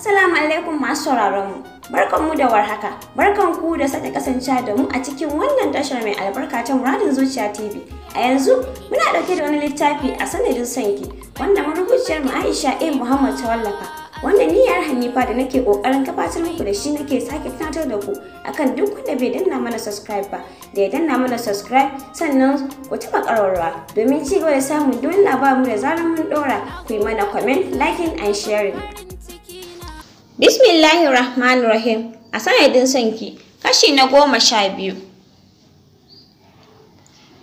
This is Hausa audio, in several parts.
Assalamu alaikum masu sauraron mu. Barkan mu da warhaka. Barkan ku da sake kasancewa da mu a cikin wannan tashar mai albarka ta Muradin Zuciya TV. A yanzu muna dauke da wani littafi a sanadin sanki wanda marubuciyar mu Aisha A Muhammad ta wallafa. wanda ni niyyar Hanifa da nake kokarin gabatar muku da shi nake sake tunatar da ku akan duk wanda bai danna mana subscribe ba da ya danna mana subscribe sannan ku taba karawarwa domin ci gaba da samun duk labarin da zarar mun dora ku yi mana comment liking and sharing Bismillahi Rahmanir Rahim. A sanadin sanki, kashi na goma sha biyu.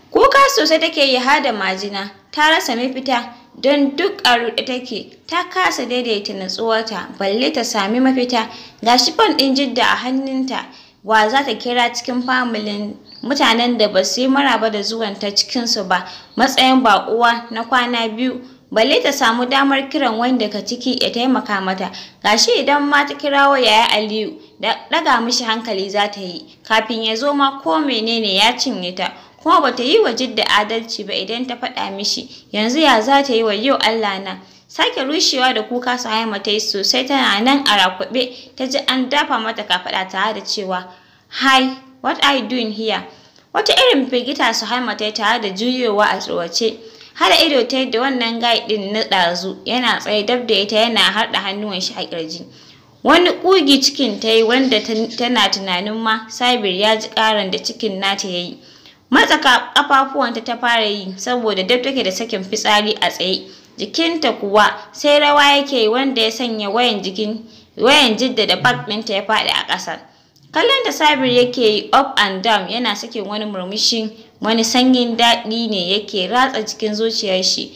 Kuka sosai take yi hada majina, ta rasa mafita don duk a ruɗe take, ta kasa daidaita natsuwarta, balle ta sami mafita. Ga shi fan ɗin jidda a hannunta, wa za ta kira cikin familin mutanen da ba su yi maraba da zuwanta cikinsu ba, matsayin baƙuwa na kwana biyu. balle ta samu damar kiran wani daga ciki ya taimaka mata gashi idan ma ta kirawo yaya Aliyu da daga mishi hankali za ta yi kafin ya zo ma ko menene ya cinye ta kuma bata yi wa Jidda adalci ba idan ta faɗa mishi yanzu ya za ta yi wa yau Allah na sake rushewa da kuka Suhaima ta yi sosai tana nan a rakuɓe ta ji an dafa mata kafaɗa ta da cewa hi what are you doing here wata irin firgita Suhaima ta yi tare da juyowa a tsorace Har ido ta yadda wannan gai din na ɗazu yana tsaye dab da ita yana haɗa hannuwan shi a ƙirji. Wani ƙugi cikin ta yi wanda tana tunanin ma Sabir ya ji ƙaran da cikin nata ya yi. Matsaka ƙafafuwanta ta fara yi saboda dab take da sakin fitsari a tsaye. Jikinta kuwa sai rawa yake wanda ya sanya wayan jikin wayan jidda da bag ɗinta ya faɗi a ƙasa. Kallon da Sabir yake yi up and down yana sakin wani murmushin wani sanyin daɗi ne yake ratsa cikin zuciyar shi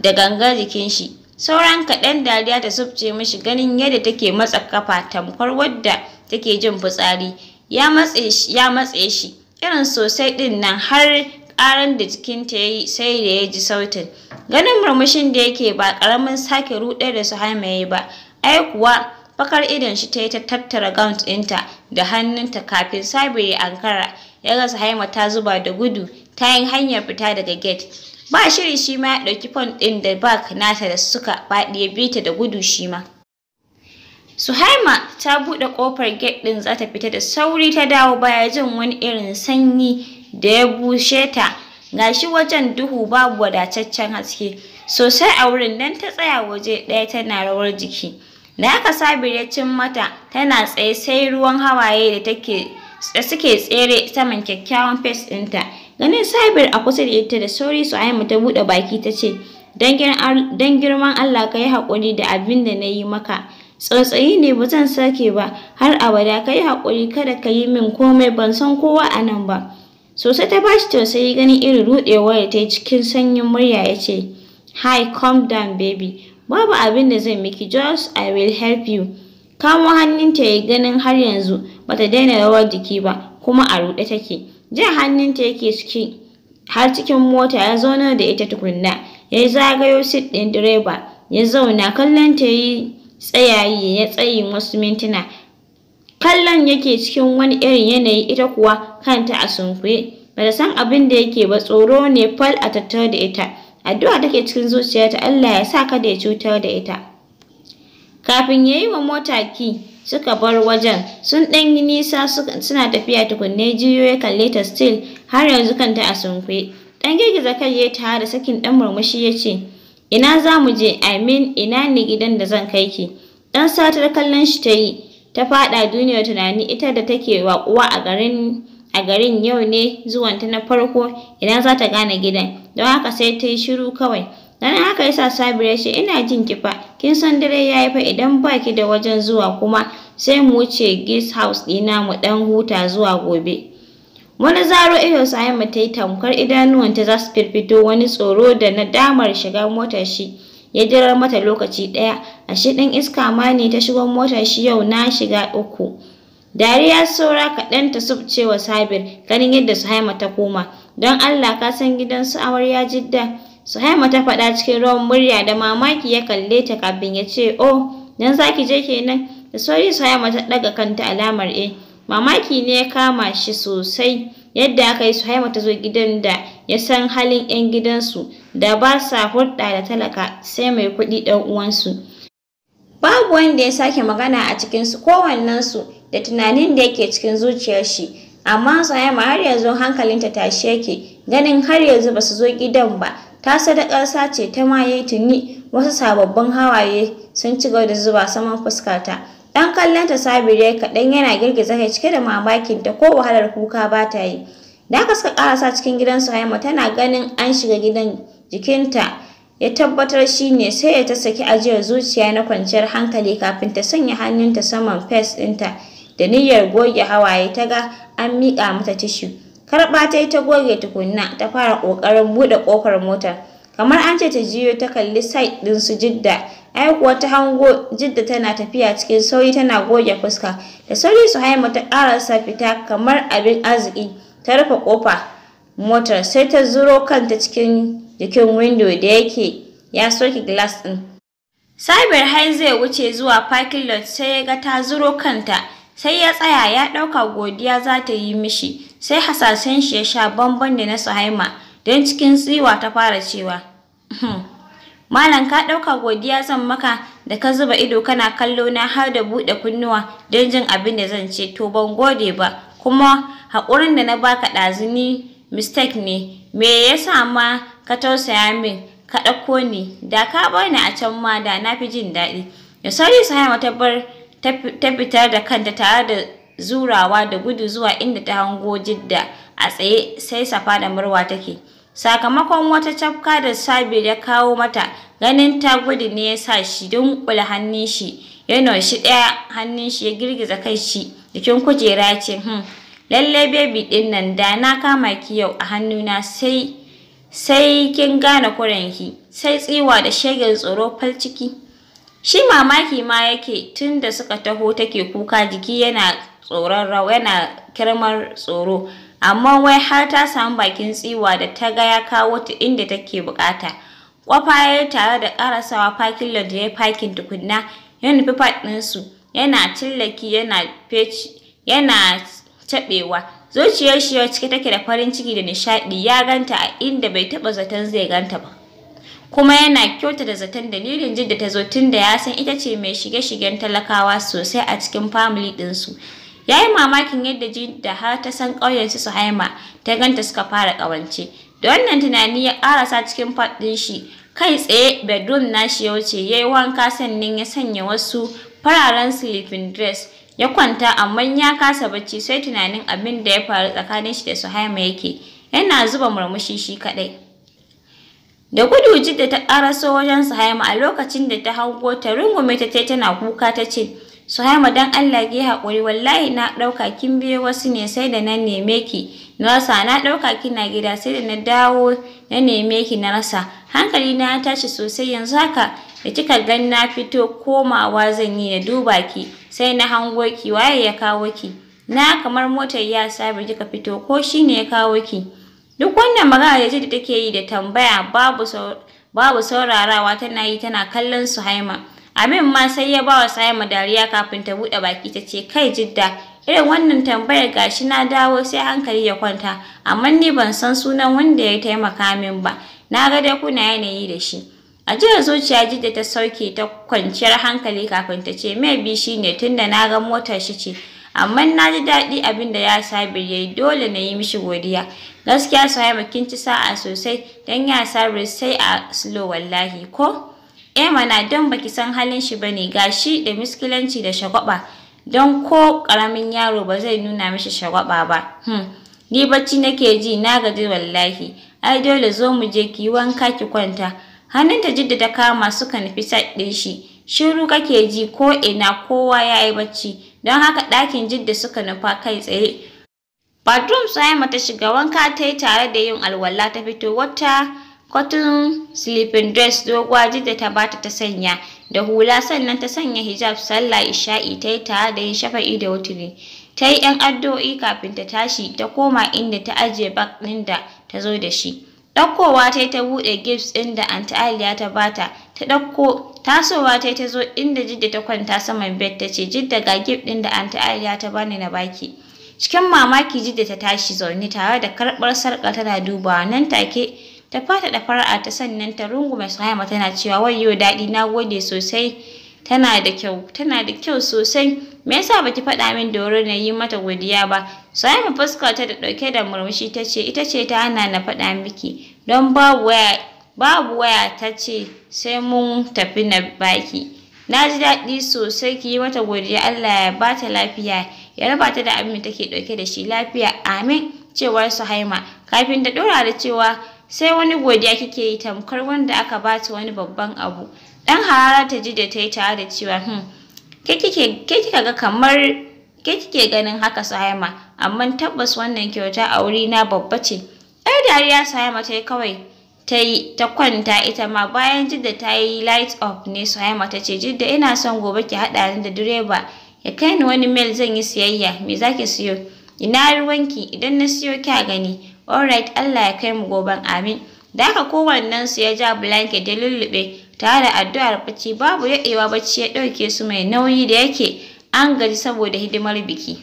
da gangar jikin shi sauran kaɗan dariya ta subce mashi ganin yadda take matsa kafa tamkar wadda take jin fitsari ya matse shi irin sosai ɗin nan har ƙaran da jikinta ya yi sai da ya ji sautin ganin murmushin da yake ba ƙaramin sake ruɗe da su haimaye ba ai kuwa bakar idon shi ta yi ta tattara gaunt ɗinta da hannunta kafin sabiri ankara ya ga Suhaima ta zuba da gudu ta yin hanyar fita daga gate. Ba shiri shi ma ya ɗauki fon ɗin da bak nata da suka faɗi ya bi da gudu shi ma. Suhaima ta buɗe ƙofar gate ɗin za ta fita da sauri ta dawo baya jin wani irin sanyi da ya bushe ta. Gashi wajen duhu babu wadataccen haske sosai a wurin nan ta tsaya waje ɗaya tana rawar jiki. Da aka sabir ya cin mata tana tsaye sai ruwan hawaye da take da suke tsere saman kyakkyawan fes ɗinta. Ganin Sabir a kusa da ita da sauri su mu ta buɗe baki ta ce, Don girman Allah ka yi haƙuri da abin da na yi maka. Tsautsayi ne ba zan sake ba, har abada ka yi haƙuri kada ka yi min komai ban san kowa a nan ba. Sosai ta bashi tausayi ganin irin ruɗewar da ta yi cikin sanyin murya ya ce, Hi, calm down baby. Babu abin da zan miki, just I will help you. Kamo hannunta ya ganin har yanzu bata daina rawar jiki ba kuma a ruɗe take hannun hannunta yake ciki har cikin mota ya zauna da ita tukunna ya yi zagayo sit ɗin direba ya zauna kallon ta yi tsayayi ya tsayi wasu mintuna kallon yake cikin wani irin yanayi ita kuwa kanta a sunkuye bata san abin da yake ba tsoro ne fal a tattare da ita addu'a take cikin zuciyarta Allah ya sa kada ya cutar da ita kafin ya yi wa mota ki suka bar wajen sun ɗan yi nisa suna tafiya tukunne jiyo ya kalle ta still har yanzu kanta a sunkwe. ɗan girgiza kai ya tare da sakin ɗan murmushi ya ce ina za mu je i ina ne gidan da zan kai ki ɗan satar kallon shi ta yi ta faɗa duniyar tunani ita da take waƙuwa a garin a garin yau ne zuwanta na farko ina za ta gane gidan don haka sai ta yi shiru kawai Dan haka yasa Sabir ya ce ina jin kifa kin san dare yayi fa idan baki da wajen zuwa kuma sai mu wuce guest house dina mu ɗan huta zuwa gobe. Wani zaro ido sai ta yi tamkar ta za su firfito wani tsoro da na damar shiga motar shi ya jirar mata lokaci ɗaya ashe ɗin iska ma ne ta shigo motar shi yau na shiga uku. Dariya saura kaɗan ta subcewa Sabir ganin yadda Suhaima ta koma don Allah ka san gidan su amarya jidda. Suhaima ta faɗa cikin rawan murya da mamaki ya kalle ta kafin ya ce, "Oh, dan zaki je kenan?" Da sauri Suhaima ta ɗaga kanta alamar e Mamaki ne ya kama shi sosai yadda aka yi Suhaima ta zo gidan da ya san halin 'yan gidansu da ba sa hulɗa da talaka sai mai kuɗi ɗan uwansu. Babu wanda ya sake magana a cikinsu kowannensu da tunanin da yake cikin zuciyar shi. Amma Suhaima har yanzu hankalinta tashi yake ganin har yanzu ba su zo gidan ba ta sadakar sace ta maye tuni wasu sababbin hawaye sun ci gaba da zuba saman fuskata. dan kallon ta sabire kaɗan yana girgiza kai cike da mamakin ta ko wahalar kuka ba ta yi da aka suka karasa cikin gidan su haima tana ganin an shiga gidan jikinta ya tabbatar shi ne sai ya ta saki ajiyar zuciya na kwanciyar hankali kafin ta sanya hannunta saman fes ɗinta da niyyar goge hawaye ta ga an miƙa mata tishu Karɓa ta yi ta goge tukunna ta fara ƙoƙarin buɗe ƙofar motar. Kamar an ce ta jiyo ta kalli side ɗin su Jidda. Ai kuwa ta hango Jidda tana tafiya cikin sauri tana goge fuska. Da sauri su haima ta ƙarasa fita kamar abin arziki ta rufe ƙofa motar sai ta zuro kanta cikin jikin windo da yake ya soke glass ɗin. Cyber har zai wuce zuwa parking lot sai ya ga ta zuro kanta sai ya tsaya ya ɗauka godiya za ta yi mishi sai hasashen shi ya sha bamban da na suhaima don cikin tsiwa ta fara cewa uhm, malam ka ɗauka godiya zan maka da ka zuba ido kana kallo na har da buɗe kunnuwa don jin abin da zan ce to ban gode ba kuma haƙurin da na baka ɗazini mistake ne me yasa ma ka tausaya min ka ɗauko ni da ka bar ni a can ma da na fi jin daɗi da sauri sahama ta bar ta fitar da kanta tare da zurawa da gudu zuwa inda ta hango Jidda a tsaye sai Safa da murwa take. Sakamakon wata cafka da sabi ya kawo mata, ganin ta gudu ne ya sa shi dunkula hannun shi, ya noshi ɗaya hannun shi ya girgiza kai shi, jikin kujera ya ce, "Hmm, lalle bebi ɗin nan da na kama ki yau a hannuna sai sai kin gane kuranki, sai tsiwa da shegen tsoro fal ciki." Shi mamaki ma yake tun da suka taho take kuka jiki yana tsoron rawa yana kirmar tsoro, amma wai har ta samu bakin tsiwa da ta ga ya kawo ta inda take bukata. Kwafa tare da karasawa fakin lot da ya fakin tukunna ya nufi faɗinsu yana tillaki yana feci yana taɓewa. Zuciyar shi cike take da farin ciki da nishaɗi ya ganta a inda bai taɓa zaton zai ganta ba. kuma yana kyauta da zaton dalilin jidda ta zo tun da ya san ita ce mai shige-shigen talakawa sosai a cikin famili ɗinsu. Ya yi mamakin yadda jidda har ta san ƙauyensu su haima ta ganta suka fara ƙawance. Da wannan tunani ya ƙarasa cikin faɗin shi kai tsaye bedroom nashi ya wuce ya yi wanka sannan ya sanya wasu fararen sleeping dress ya kwanta amma ya kasa bacci sai tunanin abin da ya faru tsakanin shi da Suhaima yake yana zuba murmushi shi kaɗai. Da gudu jidda ta ƙaraso wajen Suhaima a lokacin da ta hango ta rungume ta tai tana kuka ta ce, Suhaima dan Allah ki haƙuri wallahi na ɗauka kin biyo wasu ne sai da na neme ki na rasa na ɗauka kina gida sai da na dawo na neme ki na rasa hankali na tashi sosai yanzu haka da kika gan na fito komawa zan yi na duba ki sai na hango ki waye ya kawo ki na kamar motar ya sabi kika fito ko shine ya kawo ki. Duk wannan magana da Jidda take yi da tambaya babu babu saurarawa tana yi tana kallon su Suhaima. Amin ma sai ya bawa Suhaima dariya kafin ta bude baki ta ce kai Jidda irin wannan tambayar gashi na dawo sai hankali ya kwanta amma ni ban san sunan wanda ya taimaka min ba. Na ga dai kuna yanayi da shi. A jiya zuciya Jidda ta sauke ta kwanciyar hankali kafin ta ce bi shi ne tunda na ga motar shi ce. Amma na ji daɗi abin da ya sabir dole na yi mishi godiya. Gaskiya Suhaiba kin ci sa'a sosai dan ya sabre sai a slow wallahi ko? Eh mana dan baki san halin shi bane gashi da miskilanci da shagwaba don ko karamin yaro ba zai nuna mishi shagwaba ba. Hmm. Ni bacci nake ji na gaji wallahi. Ai dole zo mu je ki wanka ki kwanta. Hannunta jidda ta kama suka nufi sat shi. Shiru kake ji ko ina kowa yayi bacci. Don haka ɗakin jidda suka nufa kai tsaye. Badrum Sayama ta shiga wanka ta yi tare da yin alwala ta fito wata cotton sleeping dress doguwa da ta bata ta sanya da hula sannan ta sanya hijab sallah isha'i ta yi tare da yin shafa'i da wuturi. Ta yi ‘yan addu'o'i kafin ta tashi ta koma inda ta ajiye bag ɗin da ta zo da shi. Ɗaukowa ta yi ta buɗe gifts ɗin da Aunty Aliya ta bata, ta ɗauko tasowa ta yi ta zo inda Jidda ta kwanta saman bed ta ce, Jidda ga gift ɗin da Aunty Aliya ta bani na baki. Cikin mamaki Jidda ta tashi zaune tare da karɓar sarƙa tana dubawa nan take ta fata da fara'a ta sannan ta rungume Suhaima tana cewa 'Wai, yau daɗi na gode sosai tana da kyau tana da kyau sosai me yasa baki faɗa min da wurin na yi mata godiya ba Suhaima fuskar ta da ɗauke da murmushi ta ce ita ce ta hana na faɗa miki don babu waya babu waya ta ce sai mun tafi na baki na ji daɗi sosai ki yi mata godiya Allah ya bata lafiya ya raba ta da abin da take dauke da shi lafiya amin cewar Suhaima kafin da ɗora da cewa sai wani godiya kike yi tamkar wanda aka ba ta wani babban abu dan harara ta ji da ta yi tare da cewa hmm ke kika ga kamar ke kike ganin haka Suhaima amma tabbas wannan kyauta a wuri na babba ce ai dariya Suhaima ta yi kawai ta yi ta kwanta ita ma bayan jidda ta yi light up ne Suhaima ta ce jidda ina son gobe ki haɗa ni da direba ya kai ni wani mail zan yi siyayya me zaki siyo ina ruwanki idan na siyo kya gani alright Allah ya kai mu goben amin da haka kowannen su ya ja blanket da lullube tare da addu'ar bacci babu ewa bacci ya ɗauke su mai nauyi da yake an gaji saboda hidimar biki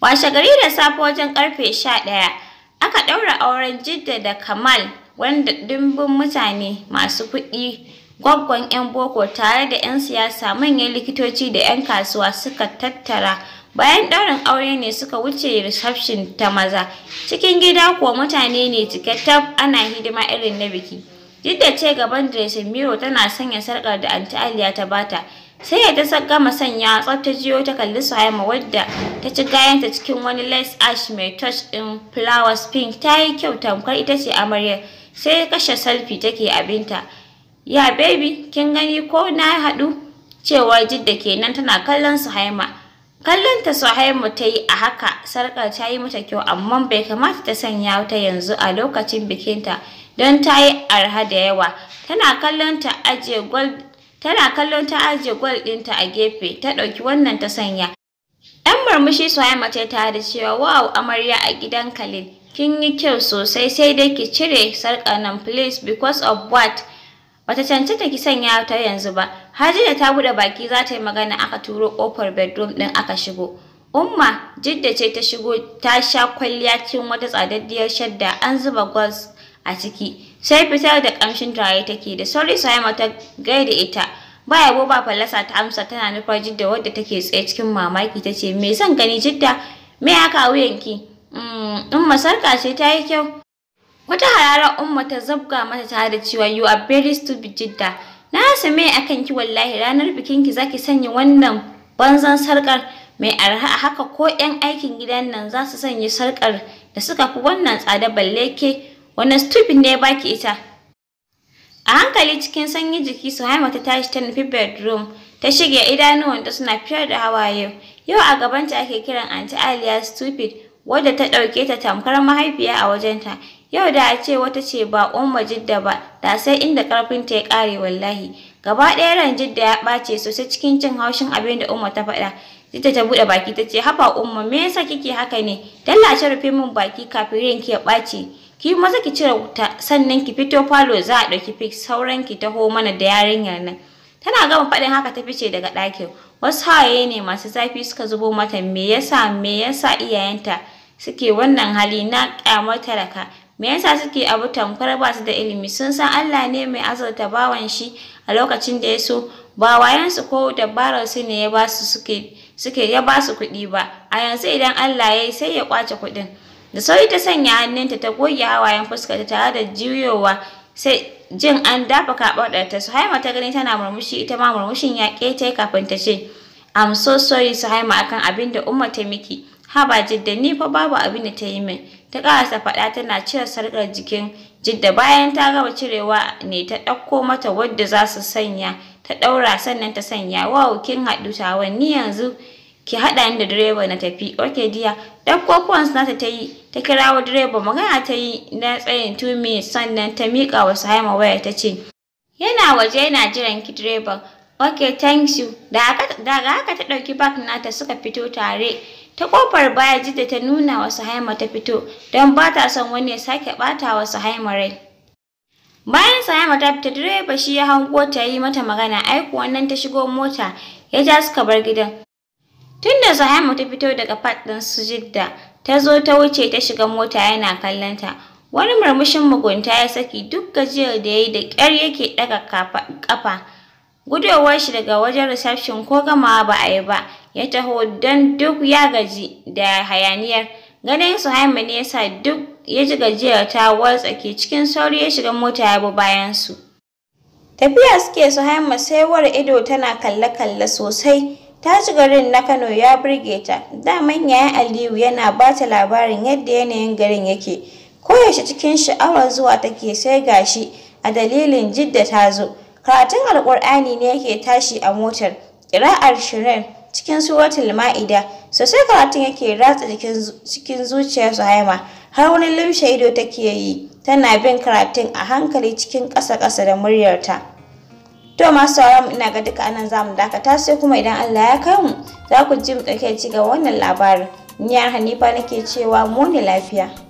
washe gari da safe wajen karfe sha ɗaya aka ɗaura auren jidda da kamal wanda dimbin mutane masu kuɗi Gwaggon 'yan boko tare da 'yan siyasa manyan likitoci da 'yan kasuwa suka tattara bayan ɗaurin aure ne suka wuce reception ta maza cikin gida kuwa mutane ne cikakken ana hidima irin na biki duk da ce gaban dressing miro tana sanya sarƙar da anti aliya ta bata sai ya ta gama sanya a ta jiyo ta kalli Suhaima wadda ta ci gayanta cikin wani lace ash mai touch din flowers pink ta yi kyau tamkar ita ce amaryar, sai kashe selfie take abinta ya baby kin gani ko na haɗu cewa jidda kenan tana kallon suhaima kallon ta suhaima ta yi a haka sarƙar ta yi mata kyau amma bai kamata ta sanya ta yanzu a lokacin bikinta don ta yi arha da yawa tana kallon ta ajiye gold tana kallon ta ajiye gwal ɗinta a gefe ta ɗauki wannan ta sanya Yan murmushi suhaima ce ta da cewa wow amarya a gidan khalil kin yi kyau sosai sai dai ki cire sarƙa nan please because of what Bata cancanta ki sanya ta yanzu ba. Hajiya ta bude baki za ta yi magana aka turo kofar bedroom din aka shigo. Umma Jidda ce ta shigo ta sha kwalliya cikin wata tsadaddiyar shadda an zuba gwaz a ciki. Sai fitar da ƙamshin turare take da sauri sai mata gaida ita. baya yabo ba fallasa ta amsa tana nufa Jidda wadda take tsaye cikin mamaki tace ce me zan gani Jidda me haka wuyanki? Mm, umma sarka ce ta yi kyau. Wata hararar Umma ta zabga mata ta da cewa you are very stupid Jidda. Na rasa me akan ki wallahi ranar bikin ki zaki sanya wannan banzan sarkar mai arha haka ko 'yan aikin gidan nan za su sanya sarkar da suka fi wannan tsada balle ke wannan stupid ne baki ita. A hankali cikin sanyi jiki su haima ta tashi ta nufi bedroom ta shige wanda suna fiyar da hawaye. Yau a gabanta ake kiran Aunty Aliya stupid wadda ta ɗauke ta tamkar mahaifiya a wajenta. Yau da a ce wata ce ba umma jidda ba, da sai inda ƙarfinta ya ƙare wallahi. Gaba ɗaya ran jidda ya ɓace sosai cikin cin haushin abin da umma ta faɗa. Jidda ta buɗe baki ta ce, hafa umma, me yasa kike haka ne? Dallace rufe min baki kafin ki ya ɓace. Ki maza ki cire wuta, sannan ki fito falo za a ɗauki fix sauran ki taho mana da yarinyar nan. Tana gama faɗin haka ta fice daga ɗakin. Wasu hawaye ne masu zafi suka zubo mata me yasa me yasa iyayenta suke wannan hali na ƙyamar talaka Me yasa suke abu tamkar ba su da ilimi? Sun san Allah ne mai azurta bawan shi a lokacin da ya so. Ba su ko dabarar su ne ya ba su suke suke ya ba su kuɗi ba. A yanzu idan Allah ya yi sai ya ƙwace kuɗin. Da sauri ta sanya hannunta ta goge hawayen ta tare da juyowa sai jin an dafa kaɓarɗarta. haima ta gani tana murmushi ita ma murmushin ya ƙetaye kafin ta ce, I'm so sorry haima akan abin da Umma ta miki. haba jidda ni fa babu abin da ta yi min ta karasa faɗa tana cire sarƙar jikin jidda bayan ta gama cirewa ne ta ɗauko mata wadda za su sanya ta ɗaura sannan ta sanya wow kin haɗu tawan ni yanzu ki haɗa ni da direba na tafi oke diya ɗauko pons nata ta yi ta kirawo direba magana ta yi na tsayin two minutes sannan ta miƙa wa haima waya ta ce yana waje yana jiran ki direban oke thank you daga haka ta ɗauki na nata suka fito tare ta kofar baya jidda ta nuna wa Suhaima ta fito don ba ta son wani ya sake bata wa Suhaima rai bayan Suhaima ta fita direba shi ya hango ta yi mata magana aiku wannan nan ta shigo mota ya ja suka bar gidan tunda Suhaima ta fito daga faɗin din su jidda ta zo ta wuce ta shiga mota yana kallon wani murmushin mugunta ya saki duk gajiyar da ya yi da ƙyar yake ɗaga ƙafa gudowar shi daga wajen reception ko gamawa ba a yi ba ya taho don duk ya gaji da hayaniyar. Ganin Suhaima ne ya duk ya ji gajiyar ta ke cikin sauri ya shiga mota ya bi bayan su. Tafiya suke Suhaima sai war ido tana kalle-kalle sosai. Ta ji garin na Kano ya burge ta. Daman yi Aliyu yana ba ta labarin yadda yanayin garin yake. Koyaushe cikin sha'awar zuwa take sai gashi a dalilin jidda ta zo. Karatun Alƙur'ani ne yake tashi a motar. Ƙira'ar Shirin cikin suratul ma'ida sosai karatun yake ratsa cikin zuciyar Suhaima har wani limshe ido take yi tana bin karatun a hankali cikin ƙasa-ƙasa da muryarta to masu sauran ina ga duka anan zamu dakata sai kuma idan Allah ya kai mu za ku ji mu ɗauke ci ga wannan labarin ni Hanifa nake cewa mu ne lafiya